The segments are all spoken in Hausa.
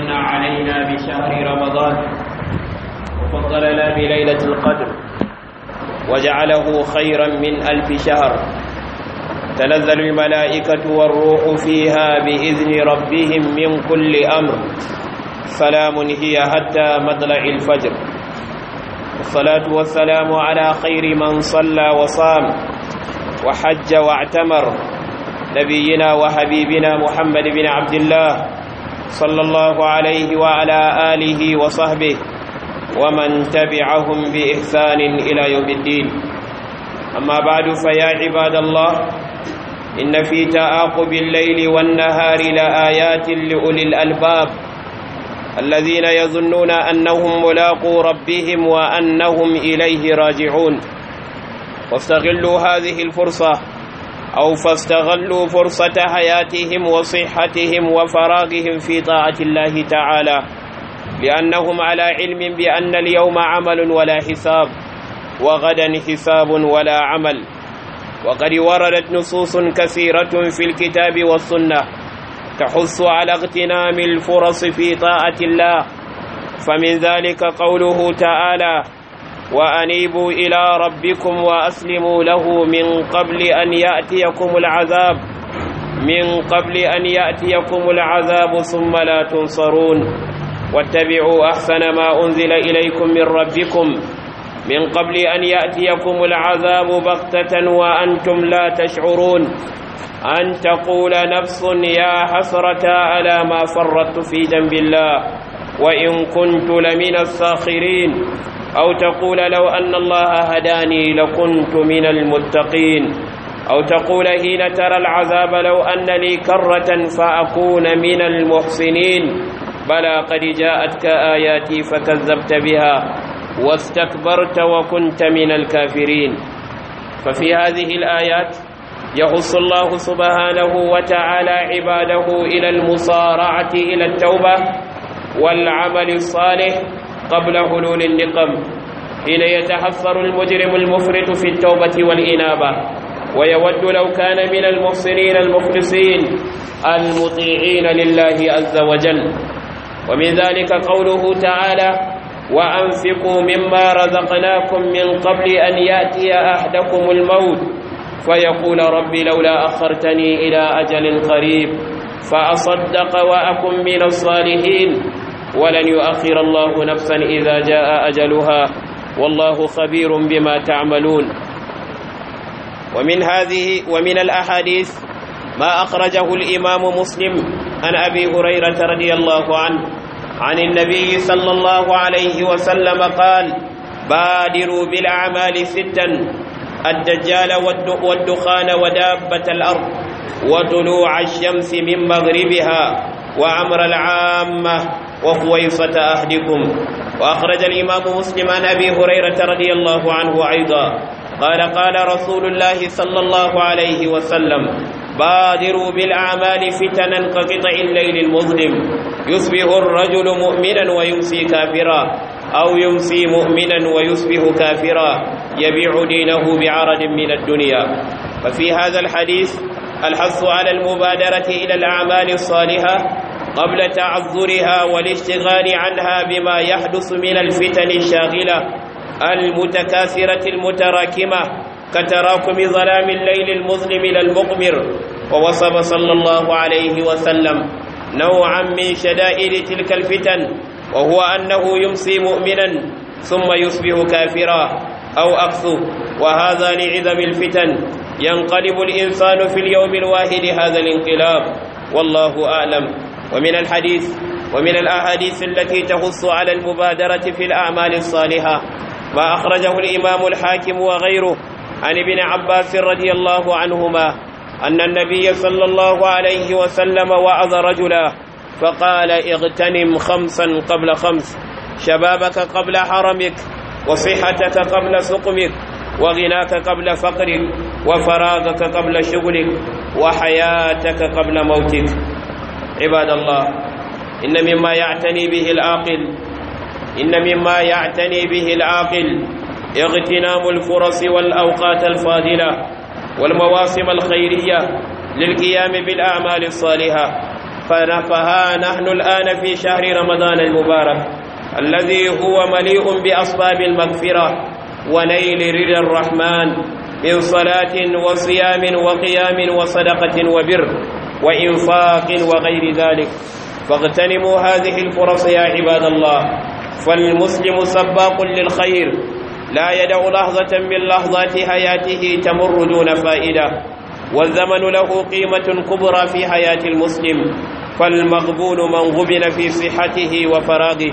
من علينا بشهر رمضان وفضلنا بليلة القدر وجعله خيرا من ألف شهر تنزل الملائكة والروح فيها بإذن ربهم من كل أمر سلام هي حتى مطلع الفجر والصلاة والسلام على خير من صلى وصام وحج واعتمر نبينا وحبيبنا محمد بن عبد الله صلى الله عليه وعلى آله وصحبه ومن تبعهم بإحسان إلى يوم الدين أما بعد فيا عباد الله إن في تعاقب الليل والنهار لآيات لأولي الألباب الذين يظنون أنهم ملاقو ربهم وأنهم إليه راجعون واستغلوا هذه الفرصة أو فاستغلوا فرصة حياتهم وصحتهم وفراغهم في طاعة الله تعالى لأنهم على علم بأن اليوم عمل ولا حساب وغدا حساب ولا عمل وقد وردت نصوص كثيرة في الكتاب والسنة تحث على اغتنام الفرص في طاعة الله فمن ذلك قوله تعالى وأنيبوا إلى ربكم وأسلموا له من قبل أن يأتيكم العذاب من قبل أن يأتيكم العذاب ثم لا تنصرون واتبعوا أحسن ما أنزل إليكم من ربكم من قبل أن يأتيكم العذاب بغتة وأنتم لا تشعرون أن تقول نفس يا حسرة على ما فرطت في جنب الله وإن كنت لمن الساخرين أو تقول لو أن الله هداني لكنت من المتقين أو تقول حين ترى العذاب لو أن لي كرة فأكون من المحسنين بلى قد جاءتك آياتي فكذبت بها واستكبرت وكنت من الكافرين ففي هذه الآيات يخص الله سبحانه وتعالى عباده إلى المصارعة إلى التوبة والعمل الصالح قبل حلول النقم حين يتحسر المجرم المفرط في التوبة والإنابة ويود لو كان من المحسنين المخلصين المطيعين لله عز وجل ومن ذلك قوله تعالى وأنفقوا مما رزقناكم من قبل أن يأتي أحدكم الموت فيقول ربي لولا أخرتني إلى أجل قريب فأصدق وأكن من الصالحين ولن يؤخر الله نفسا إذا جاء أجلها والله خبير بما تعملون ومن هذه ومن الأحاديث ما أخرجه الإمام مسلم عن أبي هريرة رضي الله عنه عن النبي صلى الله عليه وسلم قال بادروا بالأعمال ستا الدجال والدخان ودابة الأرض وطلوع الشمس من مغربها وعمر العامة وخويفة أحدكم وأخرج الإمام مسلم عن أبي هريرة رضي الله عنه أيضا قال قال رسول الله صلى الله عليه وسلم بادروا بالأعمال فتنا كقطع الليل المظلم يصبح الرجل مؤمنا ويمسي كافرا أو يمسي مؤمنا ويصبح كافرا يبيع دينه بعرض من الدنيا ففي هذا الحديث الحث على المبادرة إلى الأعمال الصالحة قبل تعذرها والاشتغال عنها بما يحدث من الفتن الشاغلة المتكاثرة المتراكمة كتراكم ظلام الليل المظلم إلى المقمر ووصف صلى الله عليه وسلم نوعا من شدائد تلك الفتن وهو أنه يمسي مؤمنا ثم يصبح كافرا أو أكثر وهذا لعظم الفتن ينقلب الإنسان في اليوم الواحد هذا الانقلاب والله أعلم ومن الحديث ومن الأحاديث التي تخص على المبادرة في الأعمال الصالحة ما أخرجه الإمام الحاكم وغيره عن ابن عباس رضي الله عنهما أن النبي صلى الله عليه وسلم وعظ رجلا فقال اغتنم خمسا قبل خمس شبابك قبل حرمك وصحتك قبل سقمك وغناك قبل فقرك وفراغك قبل شغلك وحياتك قبل موتك عباد الله إن مما يعتني به العاقل إن مما يعتني به العاقل اغتنام الفرص والأوقات الفاضلة والمواسم الخيرية للقيام بالأعمال الصالحة فنفها نحن الآن في شهر رمضان المبارك الذي هو مليء بأصباب المغفرة ونيل رضا الرحمن من صلاة وصيام وقيام وصدقة وبر وإنفاق وغير ذلك فاغتنموا هذه الفرص يا عباد الله فالمسلم سباق للخير لا يدع لحظة من لحظات حياته تمر دون فائدة والزمن له قيمة كبرى في حياة المسلم فالمغبون من غبن في صحته وفراغه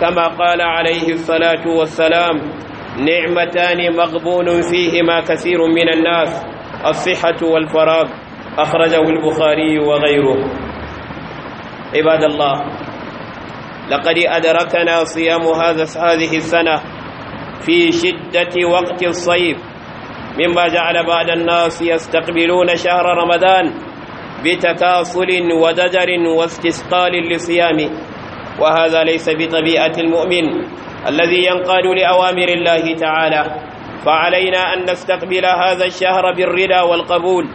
كما قال عليه الصلاة والسلام نعمتان مغبون فيهما كثير من الناس الصحة والفراغ أخرجه البخاري وغيره عباد الله لقد أدركنا صيام هذا هذه السنة في شدة وقت الصيف مما جعل بعض الناس يستقبلون شهر رمضان بتكاسل ودجر واستثقال لصيامه وهذا ليس بطبيعة المؤمن الذي ينقاد لأوامر الله تعالى فعلينا أن نستقبل هذا الشهر بالرضا والقبول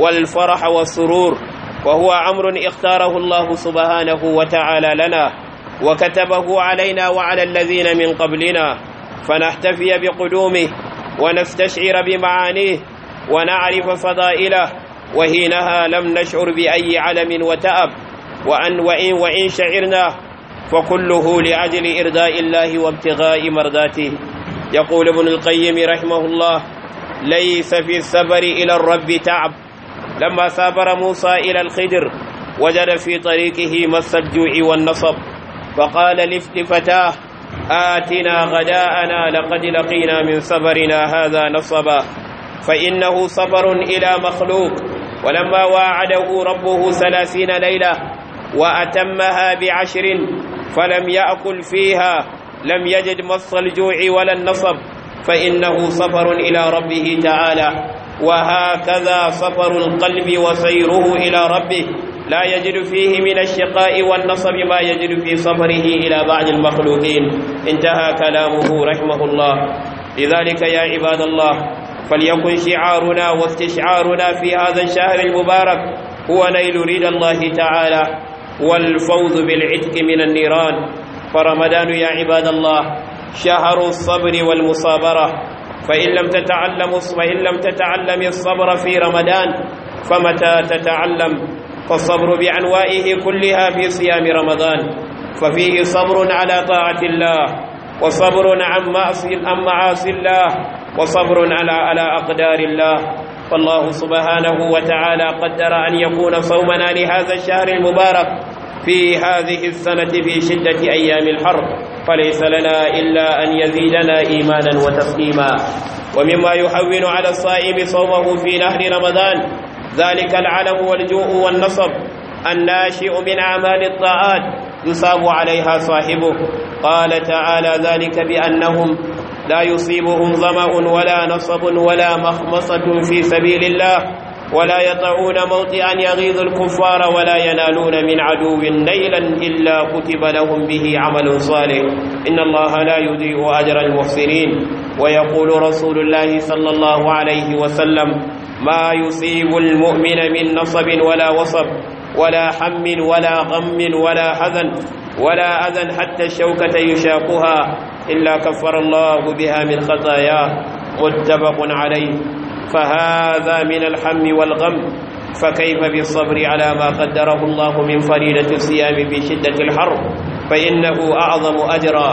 والفرح والسرور وهو أمر اختاره الله سبحانه وتعالى لنا وكتبه علينا وعلى الذين من قبلنا فنحتفي بقدومه ونستشعر بمعانيه ونعرف فضائله وحينها لم نشعر بأي علم وتأب وأن وإن وإن شعرنا فكله لأجل إرضاء الله وابتغاء مرضاته يقول ابن القيم رحمه الله ليس في السفر إلى الرب تعب لما سافر موسى إلى الخدر وجد في طريقه مس الجوع والنصب فقال لفتاه آتنا غداءنا لقد لقينا من سفرنا هذا نصبا فإنه سفر إلى مخلوق ولما واعده ربه ثلاثين ليلة وأتمها بعشر فلم يأكل فيها لم يجد مص الجوع ولا النصب فإنه سفر إلى ربه تعالى وهكذا صفر القلب وسيره إلى ربه لا يجد فيه من الشقاء والنصب ما يجد في صفره إلى بعض المخلوقين انتهى كلامه رحمه الله لذلك يا عباد الله فليكن شعارنا واستشعارنا في هذا الشهر المبارك هو نيل رضا الله تعالى والفوز بالعتق من النيران فرمضان يا عباد الله شهر الصبر والمصابره فإن لم تتعلم فإن لم تتعلم الصبر في رمضان فمتى تتعلم فالصبر بأنوائه كلها في صيام رمضان ففيه صبر على طاعة الله وصبر عن معاصي الله وصبر على على أقدار الله فالله سبحانه وتعالى قدر أن يكون صومنا لهذا الشهر المبارك في هذه السنة في شدة أيام الحرب فليس لنا إلا أن يزيدنا إيمانا وتسليما ومما يحون على الصائم صومه في نهر رمضان ذلك العلم والجوء والنصب الناشئ من أعمال الطاعات يصاب عليها صاحبه قال تعالى ذلك بأنهم لا يصيبهم ظمأ ولا نصب ولا مخمصة في سبيل الله ولا يطعون موطئا يغيظ الكفار ولا ينالون من عدو نيلا إلا كتب لهم به عمل صالح إن الله لا يضيء أجر المحسنين ويقول رسول الله صلى الله عليه وسلم ما يصيب المؤمن من نصب ولا وصب ولا حم ولا غم ولا حزن ولا أذى حتى الشوكة يشاقها إلا كفر الله بها من خطاياه متفق عليه فهذا من الحم والغم فكيف بالصبر على ما قدره الله من فريضة الصيام في شدة الحر فإنه أعظم أجرا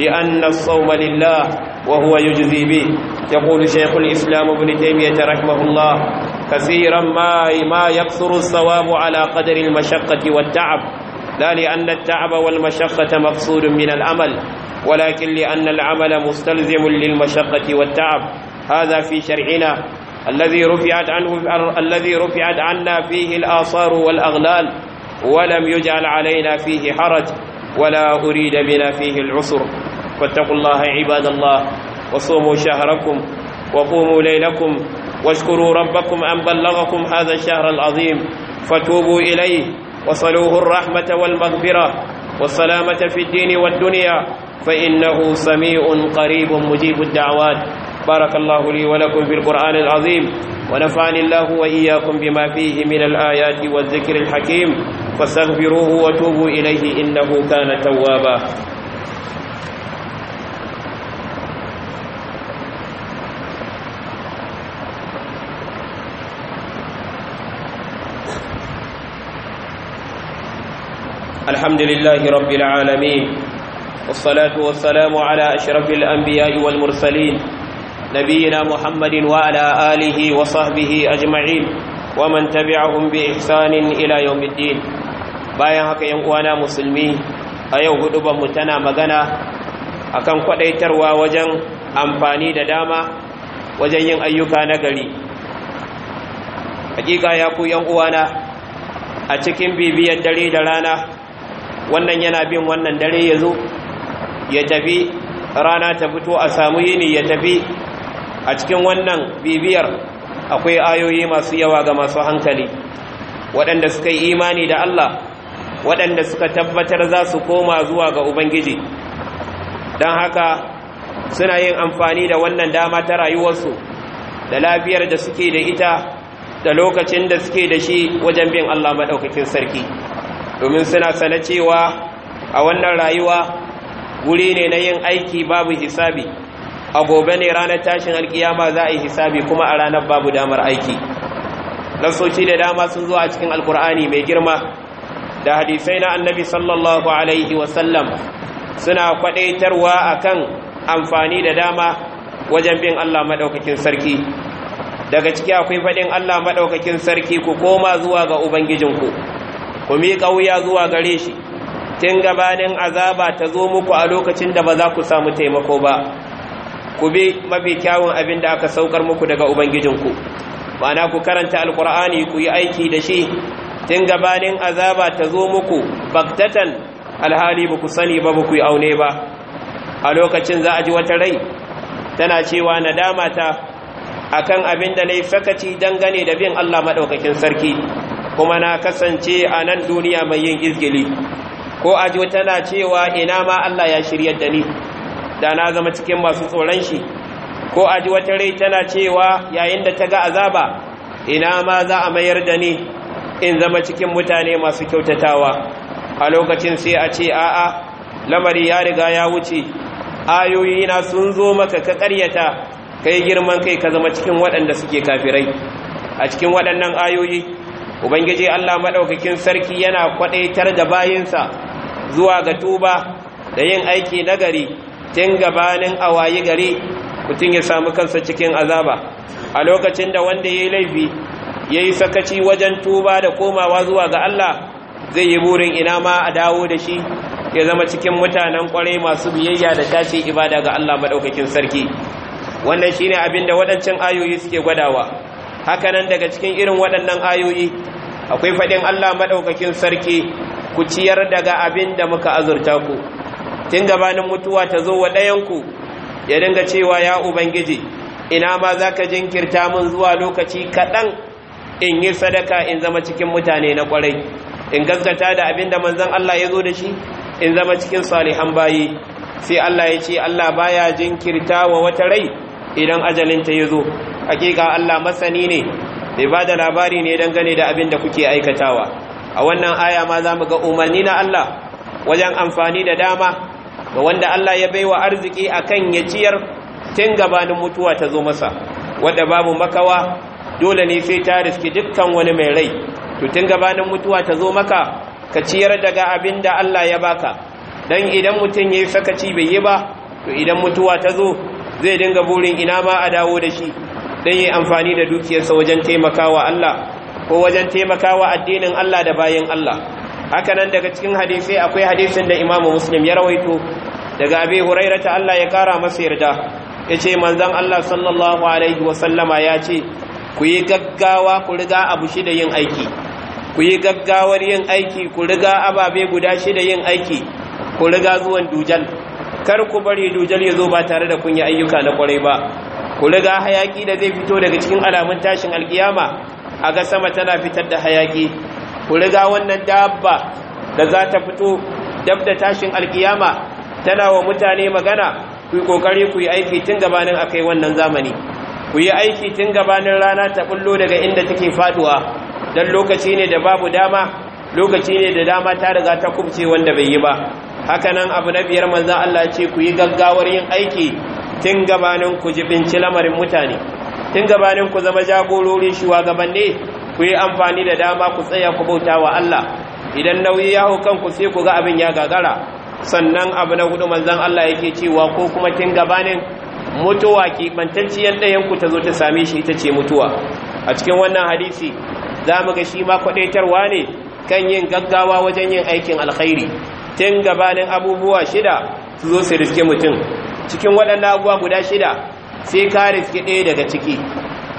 لأن الصوم لله وهو يجزي به يقول شيخ الإسلام ابن تيمية رحمه الله كثيرا ما ما يقصر الصواب على قدر المشقة والتعب لا لأن التعب والمشقة مقصود من العمل ولكن لأن العمل مستلزم للمشقة والتعب هذا في شرعنا الذي رفعت عنه الذي رفعت عنا فيه الآثار والأغلال ولم يجعل علينا فيه حرج ولا أريد بنا فيه العسر فاتقوا الله عباد الله وصوموا شهركم وقوموا ليلكم واشكروا ربكم أن بلغكم هذا الشهر العظيم فتوبوا إليه وصلوه الرحمة والمغفرة والسلامة في الدين والدنيا فإنه سميع قريب مجيب الدعوات بارك الله لي ولكم في القرآن العظيم ونفعني الله وإياكم بما فيه من الآيات والذكر الحكيم فاستغفروه وتوبوا إليه إنه كان توابا الحمد لله رب العالمين والصلاة والسلام على أشرف الأنبياء والمرسلين نبينا محمد وعلى آله وصحبه أجمعين ومن تبعهم بإحسان إلى يوم الدين bayan haka yan uwana musulmi a yau hudubanmu tana magana akan kwadaitarwa wajen amfani da dama wajen yin ayyuka na gari hakika ya ku yan uwana a cikin bibiyar dare da rana wannan yana bin wannan dare ya zo ya tafi rana ta fito a samu yini ya tafi a cikin wannan bibiyar akwai ayoyi masu yawa ga masu hankali waɗanda suka yi imani da Allah waɗanda suka tabbatar za su koma zuwa ga Ubangiji don haka suna yin amfani da wannan dama ta rayuwarsu da lafiyar da suke da ita da lokacin da suke da shi wajen bin Allah maɗaukakin sarki domin suna sana cewa a wannan rayuwa wuri ne na yin aiki babu hisabi a gobe ne ranar tashin alkiyama za a yi hisabi kuma a ranar babu damar aiki nasoci da dama sun zo a cikin alkur'ani mai girma da hadisai na annabi sallallahu alaihi wasallam suna kwadaitarwa akan amfani da dama wajen bin Allah madaukakin sarki daga ciki akwai faɗin Allah maɗaukakin sarki ku koma zuwa ga ubangijinku ku miƙa wuya zuwa gare shi tun gabanin azaba ta zo muku a lokacin da ba za ku samu taimako ba ku bi mafi kyawun abin da aka saukar muku daga ubangijinku ma'ana ku karanta alkur'ani ku yi aiki da shi tun gabanin azaba ta zo muku baktatan alhali ba ku sani ba ba ku yi aune ba a lokacin za a ji wata rai tana cewa nadama ta akan abin da na yi fakaci dangane da bin allah maɗaukakin sarki kuma na kasance a nan duniya mai yin izgili ko a ji tana cewa ina ma allah ya shiryar da ni da na zama cikin masu tsoron shi ko a ji wata rai tana cewa yayin da ta ga azaba ina ma za a mayar da ni in zama cikin mutane masu kyautatawa a lokacin sai a ce a'a lamari ya riga ya wuce ayoyi na sun zo maka ka karyata kai girman kai ka zama cikin waɗanda suke kafirai a cikin waɗannan ayoyi ubangiji Allah maɗaukakin sarki yana kwaɗaitar da bayinsa zuwa ga tuba da yin aiki nagari tun gabanin awayi gari mutum ya samu kansa cikin azaba a lokacin da wanda ya yi laifi ya yi sakaci wajen tuba da komawa zuwa ga Allah zai yi burin ina ma a dawo da shi ya zama cikin mutanen kwarai masu biyayya da tashi ibada ga Allah maɗaukakin sarki wannan shi ne abin da waɗancan ayoyi suke gwadawa haka nan daga cikin irin waɗannan ayoyi akwai faɗin Allah maɗaukakin sarki ku ciyar daga abin da muka azurta ku tun gabanin mutuwa ta zo wa ɗayanku ya dinga cewa ya ubangiji ina ma za ka jinkirta mun zuwa lokaci kaɗan in yi sadaka in zama cikin mutane na ƙwarai in gaskata da abin da manzan Allah ya zo da shi in zama cikin salihan bayi sai Allah ya ce Allah baya jinkirta wa wata rai idan ajalinta ya zo hakika Allah masani ne bai ba da labari ne dangane da abin da kuke aikatawa a wannan aya ma za mu ga umarni na Allah wajen amfani da dama ga wanda Allah ya bai wa arziki akan ya ciyar tun gabanin mutuwa ta zo masa wadda babu makawa dole ne sai ta riski dukkan wani mai rai to tun gabanin mutuwa ta zo maka ka ciyar daga abin da Allah ya baka Don idan mutum ya yi sakaci bai yi ba to idan mutuwa ta zo zai dinga burin ina ma a dawo da shi dan yi amfani da dukiyarsa wajen taimakawa Allah ko wajen taimakawa addinin Allah da bayan Allah haka nan daga cikin hadisai akwai hadisin da imamu muslim ya rawaito daga abin huraira ta Allah ya kara masa yarda ya ce manzan Allah sallallahu alaihi wasallama ya ce ku yi gaggawa ku riga abu shida yin aiki ku yi gaggawar yin aiki ku riga ababe guda shida yin aiki ku riga zuwan dujal kar ku bari dujal ya zo ba tare da kun ayyuka na kwarai ba ku riga hayaki da zai fito daga cikin alamun tashin alkiyama a ga sama tana fitar da hayaki ku riga wannan dabba da za ta fito dab da tashin alkiyama tana wa mutane magana ku yi kokari ku yi aiki tun gabanin akai wannan zamani ku yi aiki tun gabanin rana ta bullo daga inda take faduwa dan lokaci ne da babu dama lokaci ne da dama ta riga ta kubce wanda bai yi ba Haka nan abu na biyar manzan Allah ce ku yi gaggawar yin aiki tun gabanin ku jibinci lamarin mutane tun gabanin ku zama jagorori shugabanni ku yi amfani da dama ku tsaya ku bauta wa Allah idan nauyi ya hau kanku sai ku ga abin ya gagara sannan abu na hudu manzon Allah yake cewa ko kuma kin gabanin mutuwa kimantacciyar ɗayan ku ta zo ta same shi ita ce mutuwa a cikin wannan hadisi za mu ga shi ma kwadaitarwa ne kan yin gaggawa wajen yin aikin alkhairi tun gabanin abubuwa shida su zo su riske mutum cikin waɗannan abubuwa guda shida sai ka riske ɗaya daga ciki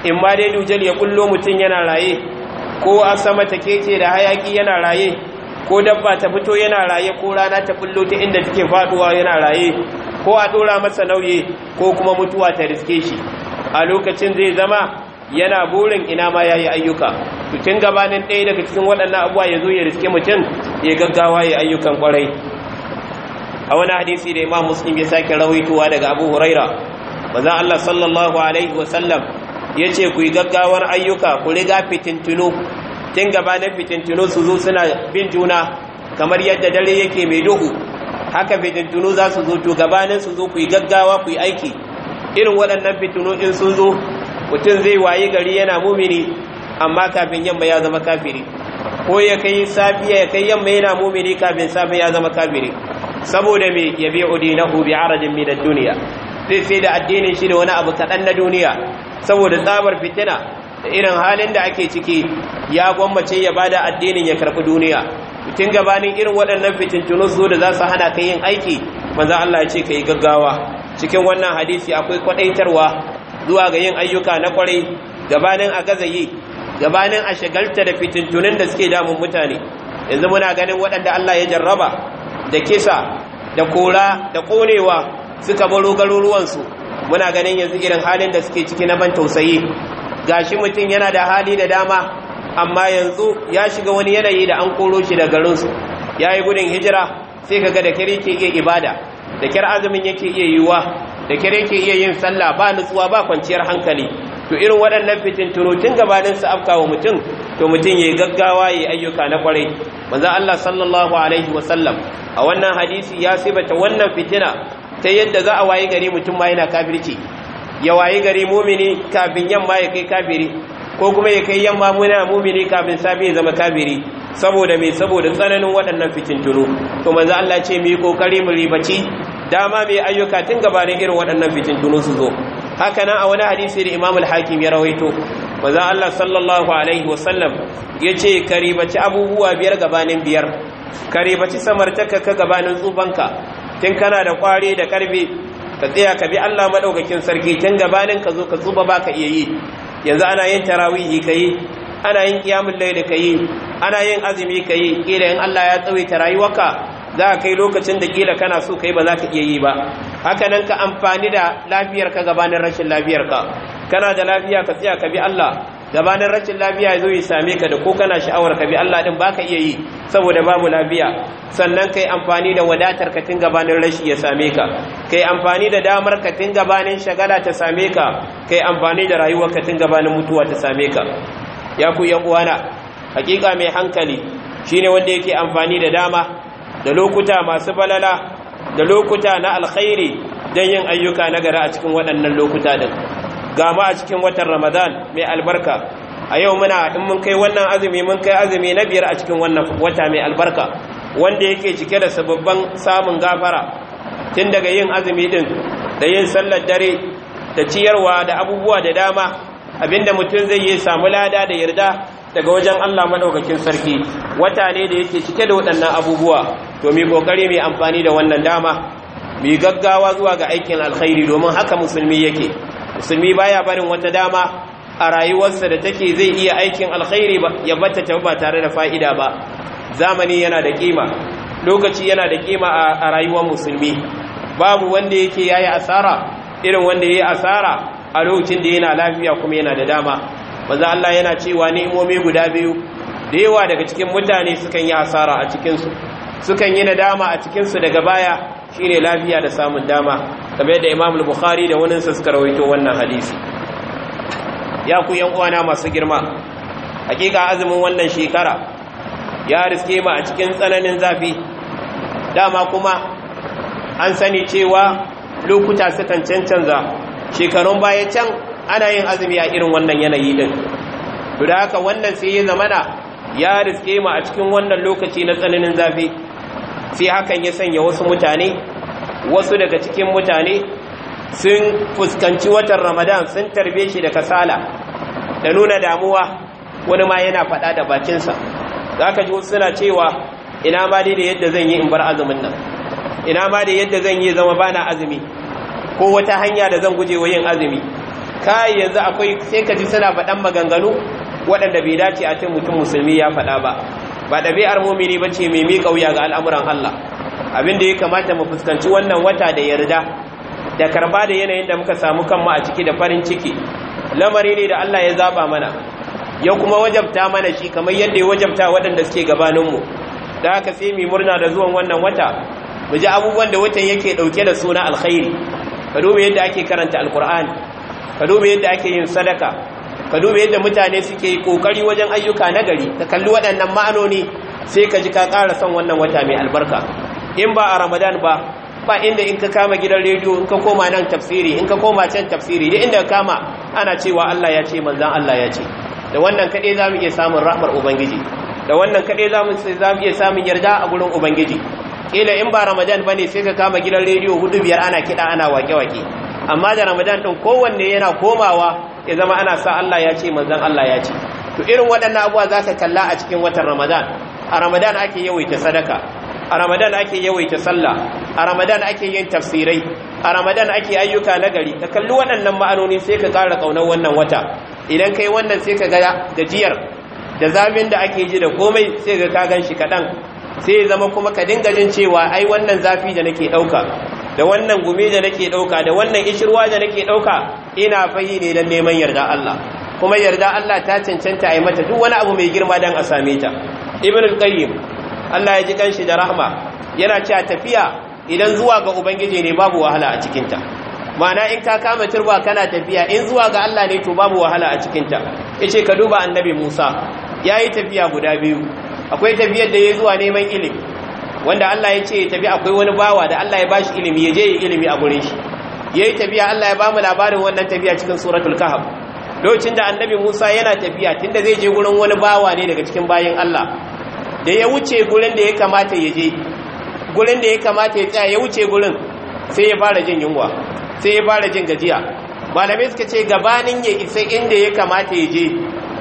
in ma dai dujal ya kullo mutum yana raye ko a sama ta keke da hayaki yana raye ko dabba ta fito yana raye ko rana ta kullo ta inda take faduwa yana raye ko a dora masa nauyi ko kuma mutuwa ta riske shi a lokacin zai zama yana burin ina ma yayi ayyuka tun gabanin ɗaya daga cikin waɗannan abuwa ya zo ya riske mutum ya gaggawa ya ayyukan kwarai a wani hadisi da imam muslim ya sake rawaitowa daga abu huraira za Allah sallallahu alaihi wasallam ya ce ku yi gaggawar ayyuka ku riga fitintunu tun gabanin fitintunu su zo suna bin juna kamar yadda dare yake mai duhu haka fitintunu za su zo to gabanin su zo ku yi gaggawa ku yi aiki irin waɗannan fitinu in sun zo mutum zai wayi gari yana mumini amma kafin yamma ya zama kafiri ko ya kai safiya ya kai yamma yana mumini kafin safe ya zama kafiri saboda me ya bi udinahu bi aradin min ad-dunya zai sai da addinin shi da wani abu kaɗan na duniya saboda tsabar fitina da irin halin da ake ciki ya gwammace ya bada addinin ya karɓi duniya mutum gabanin irin waɗannan fitintunu su da za su hana ka yin aiki manzo Allah ya ce ka yi gaggawa cikin wannan hadisi akwai kwaɗaitarwa zuwa ga yin ayyuka na kwarai gabanin a gazayi gabanin a shagalta da fitintunun da suke damun mutane yanzu muna ganin waɗanda Allah ya jarraba da kisa da kora da ƙonewa suka baro garuruwansu muna ganin yanzu irin halin da suke ciki na ban tausayi gashi mutum yana da hali da dama amma yanzu ya shiga wani yanayi da an koro shi da garinsu ya yi gudun hijira sai kaga da kyar yake iya ibada da kyar azumin yake iya yiwuwa da kyar yake iya yin sallah ba nutsuwa ba kwanciyar hankali to irin waɗannan fitintunu tun gabanin su afka wa mutum to mutum ya yi gaggawa ya yi ayyuka na kwarai manzo Allah sallallahu alaihi wasallam a wannan hadisi ya sibata wannan fitina ta yadda za a wayi gari mutum ma yana kafirci ya wayi gari mumini kafin yamma ya kai kafiri ko kuma ya kai yamma muna mumini kafin safi ya zama kafiri saboda me saboda tsananin waɗannan fitintunu to manzo Allah ce mu yi kokari mu ribaci dama mai ayyuka tun gabanin irin waɗannan fitintunu su zo haka nan a wani hadisi da Imam al-Hakim ya rawaito manzo Allah sallallahu alaihi wasallam yace ka ribaci abubuwa biyar gabanin biyar ka ribaci samartaka ka gabanin tsubanka tun kana da kwari da karfi ka tsaya ka bi Allah madaukakin sarki tun gabanin ka zo ka tsuba ba ka iya yi yanzu ana yin tarawihi ka yi ana yin kiyamun laili ka yi ana yin azumi ka yi kila in Allah ya tsawaita rayuwarka za a kai lokacin da kila kana so kai ba za ka iya yi ba haka nan ka amfani da lafiyarka gabanin rashin lafiyar ka. kana da lafiya ka tsaya ka bi Allah gabanin rashin lafiya zo ya same ka da ko kana sha'awar ka bi Allah din baka iya yi saboda babu lafiya sannan kai amfani da wadatar ka tun gabanin rashi ya same ka kai amfani da damar ka tun gabanin shagala ta same ka kai amfani da rayuwar ka tun gabanin mutuwa ta same ka ya ku yan uwana hakika mai hankali shine wanda yake amfani da dama da lokuta masu balala da lokuta na alkhairi dan yin ayyuka na gari a cikin waɗannan lokuta din ga a cikin watan ramadan mai albarka a yau muna in mun kai wannan azumi mun kai azumi na biyar a cikin wannan wata mai albarka wanda yake cike da sababban samun gafara tun daga yin azumi din da yin sallar dare da ciyarwa da abubuwa da dama abinda mutum zai yi samu lada da yarda daga wajen Allah madaukakin sarki wata ne da yake cike da waɗannan abubuwa to mu kokari mai amfani da wannan dama mai gaggawa zuwa ga aikin alkhairi domin haka musulmi yake musulmi baya barin wata dama a rayuwarsa da take zai iya aikin alkhairi ya bata ta ba tare da fa'ida ba zamani yana da kima lokaci yana da kima a rayuwar musulmi babu wanda yake yayi asara irin wanda yayi asara a lokacin da yana lafiya kuma yana da dama manzo Allah yana cewa ni'imomi guda biyu da yawa daga cikin mutane sukan yi asara a cikin su sukan yi nadama a cikin su daga baya shine lafiya da samun dama kamar da imam al-bukhari da wani suka rawaito wannan hadisi ya ku yan uwana masu girma hakika azumin wannan shekara ya riske mu a cikin tsananin zafi dama kuma an sani cewa lokuta sukan cancanza shekarun baya can ana yin azumi a irin wannan yanayi din da haka wannan sai ya zamana ya riske mu a cikin wannan lokaci na tsananin zafi sai hakan ya sanya wasu mutane wasu daga cikin mutane sun fuskanci watan ramadan sun tarbe shi da kasala da nuna damuwa wani ma yana faɗa da bakinsa za ka ji wasu suna cewa ina ma dai da yadda zan yi in bar azumin nan ina ma da yadda zan yi zama bana azumi ko wata hanya da zan guje wa yin azumi kai yanzu akwai sai ka ji suna faɗan maganganu waɗanda bai dace a ce mutum musulmi ya faɗa ba ba ɗabi'ar mumini ba ce mai miƙa wuya ga al'amuran Allah Abin da ya kamata mu fuskanci wannan wata da yarda da karba da yanayin da muka samu kanmu a ciki da farin ciki lamari ne da Allah ya zaba mana ya kuma wajabta mana shi kamar yadda ya wajabta waɗanda suke gabaninmu da haka sai mu murna da zuwan wannan wata mu ji abubuwan da watan yake dauke da suna alkhairi ka duba yadda ake karanta alkur'ani ka duba yadda ake yin sadaka ka duba yadda mutane suke kokari wajen ayyuka nagari. gari ka kalli waɗannan ma'anoni sai ka ji ka ƙara son wannan wata mai albarka in ba a ramadan ba ba inda in ka kama gidan rediyo in ka koma nan tafsiri in ka koma can tafsiri da inda ka kama ana cewa Allah ya ce manzan Allah ya ce da wannan kaɗai za mu iya samun rahmar ubangiji da wannan kaɗai za mu iya samun yarda a gurin ubangiji kila in ba ramadan ba ne, sai ka kama gidan rediyo hudu biyar ana kiɗa ana wake-wake amma da ramadan ɗin kowanne yana komawa ya zama ana sa Allah ya ce manzan Allah ya ce to irin waɗannan abuwa za ka kalla a cikin watan ramadan a ramadan ake yawaita sadaka a ramadan ake yawaita sallah a ramadan ake yin tafsirai a ramadan ake ayyuka na gari ka kalli waɗannan ma'anoni sai ka ƙara ƙaunar wannan wata idan kai wannan sai ka ga gajiyar da zafin da ake ji da komai sai ga ka gan shi kaɗan sai zama kuma ka dinga jin cewa ai wannan zafi da nake ɗauka da wannan gumi da nake ɗauka da wannan ishirwa da nake ɗauka ina fahi ne don neman yarda Allah kuma yarda Allah ta cancanta a yi mata duk wani abu mai girma don a same ta ibn al-qayyim Allah ya ji kanshi da rahma yana cewa tafiya idan zuwa ga ubangiji ne babu wahala a cikinta ma'ana in ka kama turba kana tafiya in zuwa ga Allah ne to babu wahala a cikinta yace ka duba annabi Musa yayi tafiya guda biyu akwai tafiyar da ya zuwa neman ilimi wanda Allah ya ce ya tafi akwai wani bawa da Allah ya bashi ilimi ya je ya ilimi a gurin shi yayi tafiya Allah ya ba mu labarin wannan tafiya cikin suratul kahf lokacin da annabi Musa yana tafiya tunda zai je gurin wani bawa ne daga cikin bayin Allah da ya wuce gurin da ya kamata ya je gurin da ya kamata ya tsaya ya wuce gurin sai ya fara jin yunwa sai ya fara jin gajiya malamai suka ce gabanin ya isa inda ya kamata ya je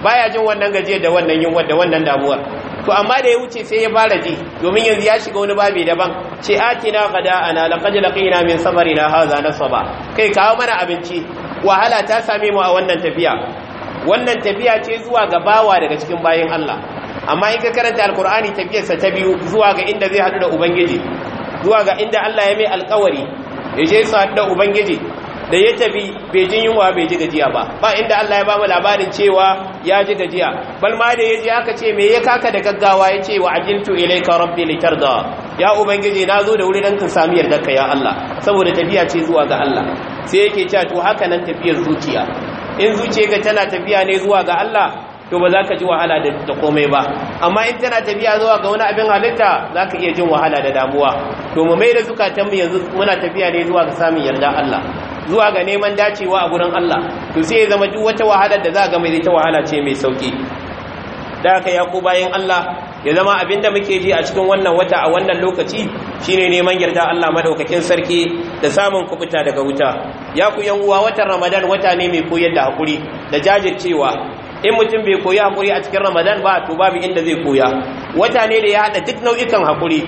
baya jin wannan gajiyar da wannan yunwa da wannan damuwar to amma da ya wuce sai ya fara ji domin yanzu ya shiga wani babi daban ce atina qada'ana laqad laqina min samarina hadha nasaba kai kawo mana abinci wahala ta same mu a wannan tafiya wannan tafiya ce zuwa ga bawa daga cikin bayin Allah amma in ka karanta alkur'ani tafiyarsa ta biyu zuwa ga inda zai haɗu da ubangiji zuwa ga inda Allah ya mai alkawari ya je su haɗu da ubangiji da ya tafi bai jin yunwa bai ji gajiya ba ba inda Allah ya ba mu labarin cewa ya ji gajiya bal ma da ya ji aka ce me ya kaka da gaggawa ya ce wa ajiltu ilayka rabbi litarda ya ubangiji na zo da wuri dan ka sami ka ya Allah saboda tafiya ce zuwa ga Allah sai yake cewa to haka nan tafiyar zuciya in zuciya ga tana tafiya ne zuwa ga Allah to ba za ka ji wahala da komai ba amma in tana tafiya zuwa ga wani abin halitta za ka iya jin wahala da damuwa to mu mai da zukatanmu yanzu muna tafiya ne zuwa ga samun yarda Allah zuwa ga neman dacewa a gurin Allah to sai ya zama duk wata wahalar da za ga mai ta wahala ce mai sauki da ka yaku bayan Allah ya zama abin da muke ji a cikin wannan wata a wannan lokaci shine neman yarda Allah madaukakin sarki da samun kubuta daga wuta ya yan uwa watan Ramadan wata ne mai koyar da hakuri da jajircewa in mutum bai koyi hakuri a cikin ramadan ba to babu inda zai koya wata ne da ya haɗa duk nau'ikan hakuri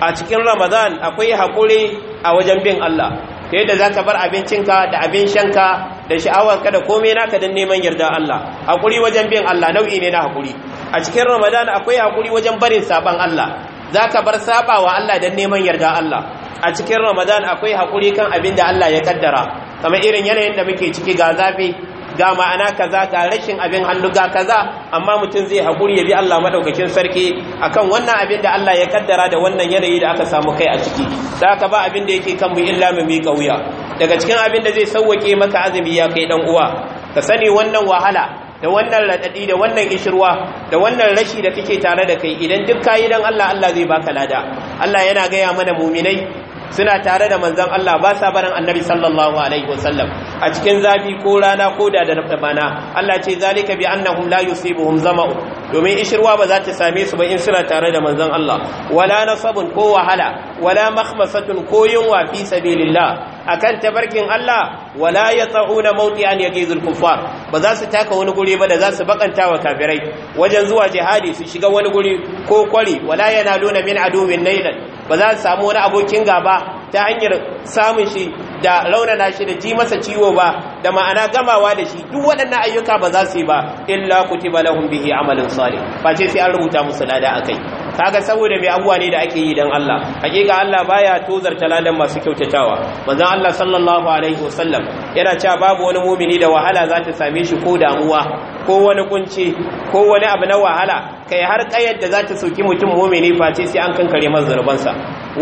a cikin ramadan akwai hakuri a wajen bin allah ta yadda za ka bar abincinka da abin shanka da sha'awarka da komai naka don neman yarda allah hakuri wajen bin allah nau'i ne na hakuri a cikin ramadan akwai hakuri wajen barin saban allah za ka bar saba wa allah don neman yarda allah a cikin ramadan akwai hakuri kan abin da allah ya kaddara kamar irin yanayin da muke ciki ga zafi ga ma'ana kaza ga rashin abin hannu ga kaza amma mutum zai haƙuri ya bi Allah maɗaukacin sarki akan wannan abin da Allah ya kaddara da wannan yanayi da aka samu kai a ciki da ka ba abin da yake kan mu illa mu miƙa wuya daga cikin abin da zai sauwake maka azumi ya kai dan uwa ka sani wannan wahala da wannan raɗaɗi da wannan gishirwa da wannan rashi da kake tare da kai idan duk kayi dan Allah Allah zai baka lada Allah yana gaya mana muminai suna tare da manzan Allah ba sa barin annabi sallallahu alaihi wasallam a cikin zafi ko rana ko da da bana Allah ce zalika bi annahum la yusibuhum zama'u domin ishirwa ba za ta same su ba in suna tare da manzan Allah wala nasabun ko wahala wala makhmasatun ko yunwa fi sabilillah akan tabarkin Allah wala yata'una mawdi'an yaghizul kuffar ba za su taka wani guri ba da za su bakanta wa kafirai wajen zuwa jihadi su shiga wani guri ko kwari wala yanaluna min aduwin nailan ba za su samu wani abokin gaba ta hanyar samun shi da na shi da ji masa ciwo ba da ma'ana gamawa da shi duk waɗannan ayyuka ba za su yi ba illa kutiba lahum bihi amalin salih ce sai an rubuta musu lada akai kaga saboda mai abuwa ne da ake yi dan Allah hakika Allah baya tozarta ladan masu kyautatawa manzon Allah sallallahu alaihi wasallam yana cewa babu wani mumini da wahala za ta same shi ko damuwa ko wani kunci ko wani abu na wahala kai har kayar da za ta soki mutum mumini face sai an kankare masa zunubansa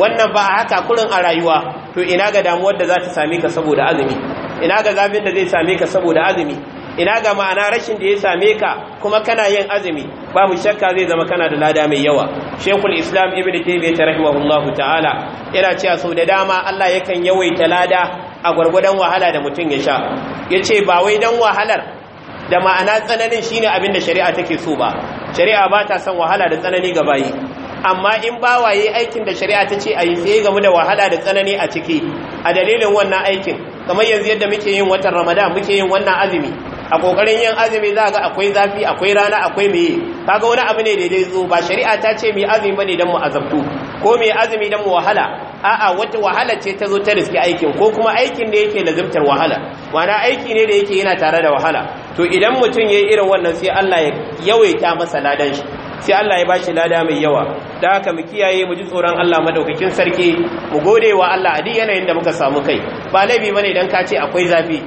wannan ba haka kurin a rayuwa to ina ga damuwar da za ta same ka saboda azumi ina ga zafin da zai same ka saboda azumi ina ga ma'ana rashin da ya same ka kuma kana yin azumi babu shakka zai zama kana da lada mai yawa shekul islam ibn taymiyyah rahimahullahu ta'ala yana cewa sau da dama Allah yakan yawaita lada a gwargwadon wahala da mutum ya sha yace ba wai dan wahalar da ma'ana tsananin shine abin da shari'a take so ba shari'a ba ta son wahala da tsanani ga bayi amma in bawa waye aikin da shari'a ta ce ayi sai game da wahala da tsanani a ciki a dalilin wannan aikin kamar yanzu yadda muke yin watan Ramadan muke yin wannan azumi a kokarin yin azumi za ga akwai zafi akwai rana akwai meye kaga wani abu ne daidai zo ba shari'a ta ce mai azumi bane dan mu azabtu ko mai azumi dan mu wahala a'a wata wahala ce ta zo ta riski aikin ko kuma aikin da yake lazimtar wahala wana aiki ne da yake yana tare da wahala to idan mutum yayi irin wannan sai Allah ya yawaita masa ladan shi sai Allah ya ba shi lada mai yawa da haka mu kiyaye mu ji tsoron Allah madaukakin sarki mu gode wa Allah a duk yanayin da muka samu kai ba laifi bane dan ka ce akwai zafi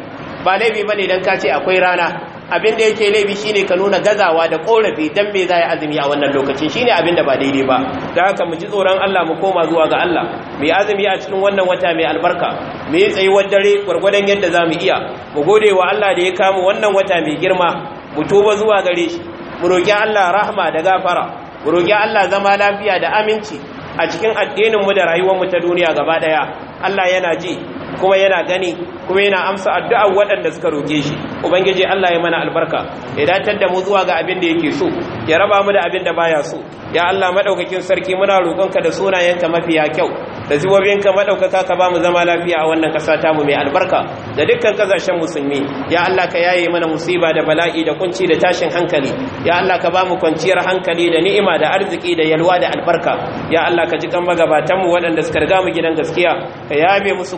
ba laifi bane dan ka ce akwai rana abin da yake laifi shine ka nuna gazawa da korafi dan me zai azumi a wannan lokacin shine abin da ba daidai ba Da haka mu ji tsoron Allah mu koma zuwa ga Allah mu yi azumi a cikin wannan wata mai albarka mu yi tsayuwar dare gwargwadon yadda za mu iya mu gode wa Allah da ya kama wannan wata mai girma mu tuba zuwa gare shi mu roƙi Allah rahma da gafara mu roƙi Allah zama lafiya da aminci a cikin addinin mu da rayuwar mu ta duniya gaba ɗaya, Allah yana ji kuma yana gani kuma yana amsa addu'ar waɗanda suka roƙe shi ubangiji Allah ya mana albarka ya datar da mu zuwa ga abin da yake so ya raba mu da abin da baya so ya Allah madaukakin sarki muna roƙonka da sunayenka mafiya kyau da zuwabinka madaukaka ka bamu zama lafiya a wannan ƙasa ta mu mai albarka da dukkan kasashen musulmi ya Allah ka yaye mana musiba da bala'i da kunci da tashin hankali ya Allah ka bamu kwanciyar hankali da ni'ima da arziki da yalwa da albarka ya Allah ka ji kan magabatan mu waɗanda suka riga mu gidan gaskiya ka yabe musu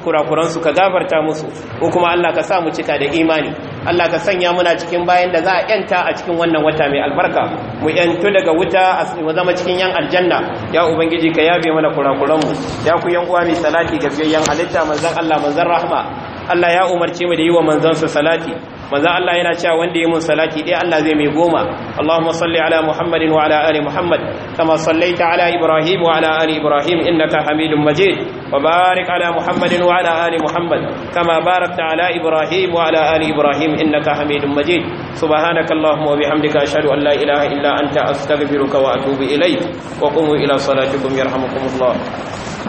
su ka gafarta musu ko kuma Allah ka sa mu cika da imani Allah ka sanya muna cikin bayan da za a yanta a cikin wannan wata mai albarka mu yantu daga wuta a zama cikin yan aljanna ya ubangiji ka yabe mana kurakuranmu ya ku yan uwa mai salati ga 'yan halitta manzan Allah manzan rahma Allah ya umarce mu da yi wa manzansa salati manzo Allah yana cewa wanda yi mun salati dai Allah zai mai goma Allahumma salli ala Muhammadin wa ala ali Muhammad kama sallaita ala Ibrahim wa ala ali Ibrahim innaka Hamidum Majid wa barik ala Muhammadin wa ala ali Muhammad kama barakta ala Ibrahim wa ala ali Ibrahim innaka Hamidum Majid subhanaka Allahumma wa bihamdika ashhadu an la ilaha illa anta astaghfiruka wa atubu ilayk wa qumu ila salatikum yarhamukumullah